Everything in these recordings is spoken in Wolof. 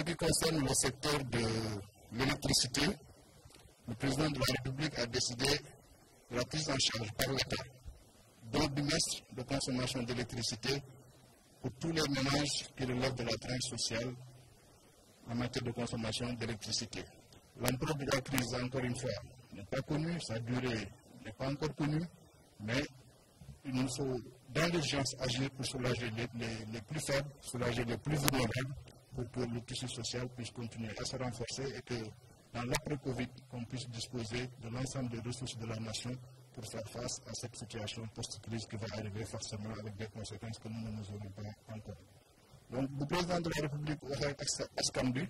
ce qui concerne le secteur de l'électricité, le président de la République a décidé la prise en charge par l'État d'un bimestre de consommation d'électricité pour tous les ménages qui relèvent de la tranche sociale en matière de consommation d'électricité. L'ampleur de la crise, encore une fois, n'est pas connue, sa durée n'est pas encore connue, mais il nous faut dans l'urgence agir pour soulager les plus faibles, soulager les plus vulnérables pour que le tissu social puisse continuer à se renforcer et que dans l'après-Covid, qu'on puisse disposer de l'ensemble des ressources de la nation pour faire face à cette situation post-crise qui va arriver forcément avec des conséquences que nous ne nous aurons pas encore. Donc, le président de la République waxee ak askan bi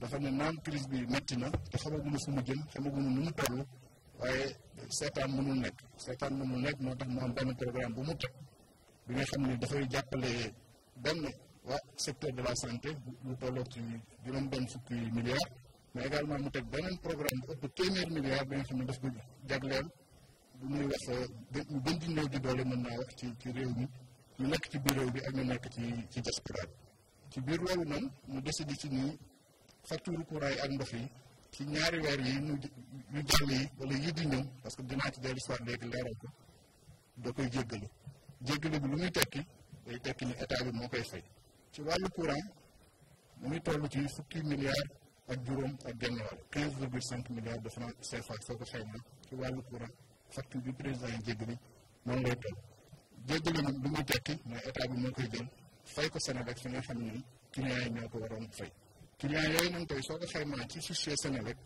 dafa ne naan crise de métti na te xamaguñu fu mu nous nous nu mu toll waaye seetaan mënul nekk seetaan mënul nekk moo tax mu am benn programme nous mu teg bi nga xam waa secteur de la santé lu tolloo ci juróom benn fukki milliards ma également mu teg beneen programme bu ëpp téeméer milliards bi nga xam ne daf ko jagleel bu muy wax ñu euh, gën di néew di doole mën naa wax ci ci réew mi ñu nekk ci biir réew bi ak ñu nekk ci ci ci biir loolu noonu mu décidé ci nii facture courant yi ak ndox yi ci ñaari weer yi ñu yu jàll yi wala yi ñëw parce que dinaa ci dellu soir léegi leeral ko da koy jéggalu jéggalu bi lu muy tekki day tekki bi moo koy fay ci wàllu courant mu ngi toll ci fukki milliards ak juróom ak benn wàll quinze virgule cinq milliards de francs CFA soo ko xayma ci wàllu courant facture président yi bi moo koy jël fay ko Sénélec fi ko waroon fay clients yooyu nag tey soo ko xaymaa ci fichier Sénélec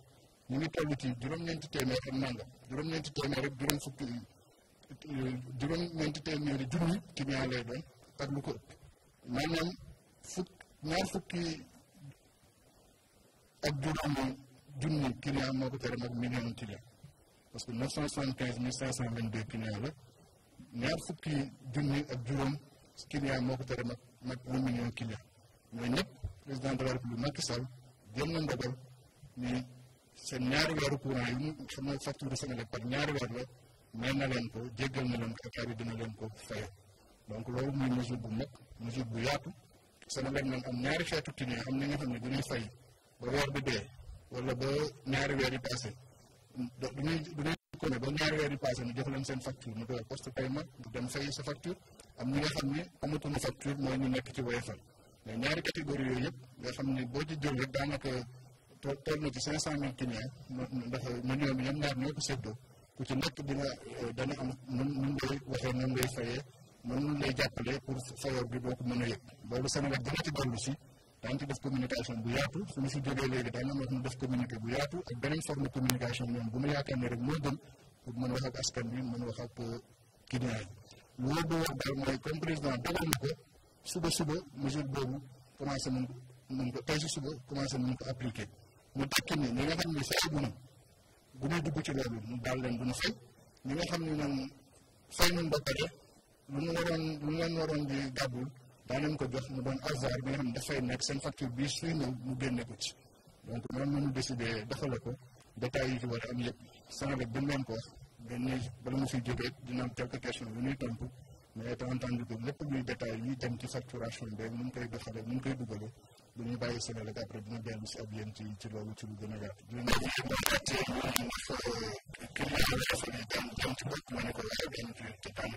ñu ngi toll ci juróom-ñeenti téeméer ak nangam juróom-ñeenti téeméer ak juróom fukki juróom-ñeenti téeméeri junni client lay doon ak lu ko ëpp maanaam fukk ñaar fukki ak juróomi junni client moo ko tere mag million client parce que neuf cent cent quinze mille cinq cent vingt deux client la ñaar fukki junni ak juróom client moo ko tere mag mag un million client ñëpp président de la république Macky Sall jël na ndogal ni seen ñaari weeru courant yi mu xam ne facture Senelec par ñaari weer la mel na leen ko jéggal na leen ko état bi dina leen ko fayal donc loolu muy mesure bu mag mesure bu yaatu Senelec moom am ñaari xeetu client am na ñoo xam ne du ñuy fay ba weer bi dee wala ba ñaari weer yi passé du ñuy du ñuy kone ba ñaari weer leen seen facture ñu koy poste paiement nga dem fay sa facture am ñi nga xam ne amatuñu facture mooy ñu nekk ci Woyofal mais ñaari catégorie yooyu yëpp nga xam ne boo ci jël rek daanaka toll na ci cinq cent mille clients ndax ñu ñoom ñoom ñaar ñoo ko séddoo ku ci nekk dina dana am nu nu ngay waxee nu ngay fayee mënuñ lay jàppale pour sa yor bi doo ko mën a yëg loolu Sénégal dina ci dollu si daañu ci def communication bu yaatu suñu si jógee léegi daañu wax def communication bu ñu yaakaar ne rek moo gën pour mën wax ak askan bi mën wax ak euh, client loolu boo wax daal mooy comme président dogal na ko suba suba mesure boobu commencé mun ko tey si suba commencé mun ko appliqué mu tekki ni ñi nga xam ne fayaguñu bu ñuy dugg ci loolu mu daal leen du ñu fay ñi ne ñoom fay nañ ba lu mu waroon lu leen waroon di gàddu daa ko jox mu doon azar bi nga xam dafay nekk seen facture bii suy ñëw mu génne ko ci donc noonu la ñu décidé defale ko détails yi ci war a am yëpp Senelec ko wax dañuy bala mu dina am quelques questions yu ñuy tontu mais étant entendu que lépp luy ci facturation beeg nu mu koy bu ñu bàyyi Senelec après dina dellu si ak yéen ci ci loolu ci lu a yaatu. dinañ ko a ngi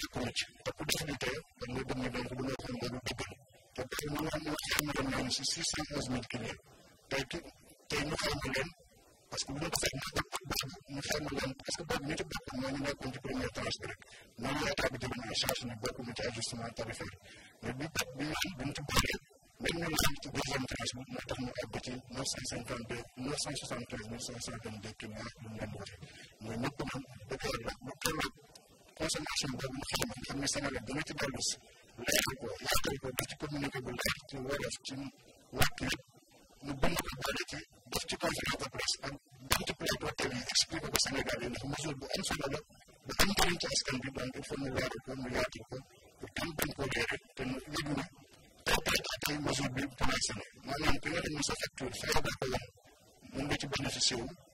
jikko mucc te ku def lii tey dañ lay bëgg ñu dénk lu loo te tey ñu parce que bu ñu ko parce que boobu ñu ci bokk mooy ñu nekkoon ci première tranche bi rek ñooñu état bi charge ñu bokk ñu ci ajustement tarifaire mais bi bi ñu am bu ñu bi moo tax ñu àgg ci la kwanza mashamba muhimu kamwe sana la donate dollars lego lego dafite ko nyine ko lego wala fitin wake ni bana ko dalati dafite ko zira da plus an dafite ko da hotel explain ko sana da ne kuma zo da ansa da da an tarin ta askan bi ban ko mu wala ko mu yaki ko ko tamban ko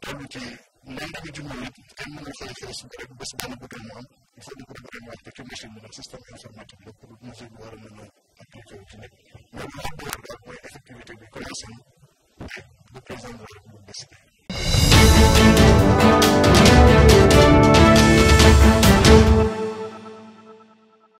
tudo que não deve diminuir, tem uma referência que deve você dar no patrimônio, e sabe que o patrimônio tem que mexer no nosso sistema informático, por outro lado, agora não aplica o que é. Não é uma boa ideia, mas é efetivamente a decoração do presidente da República.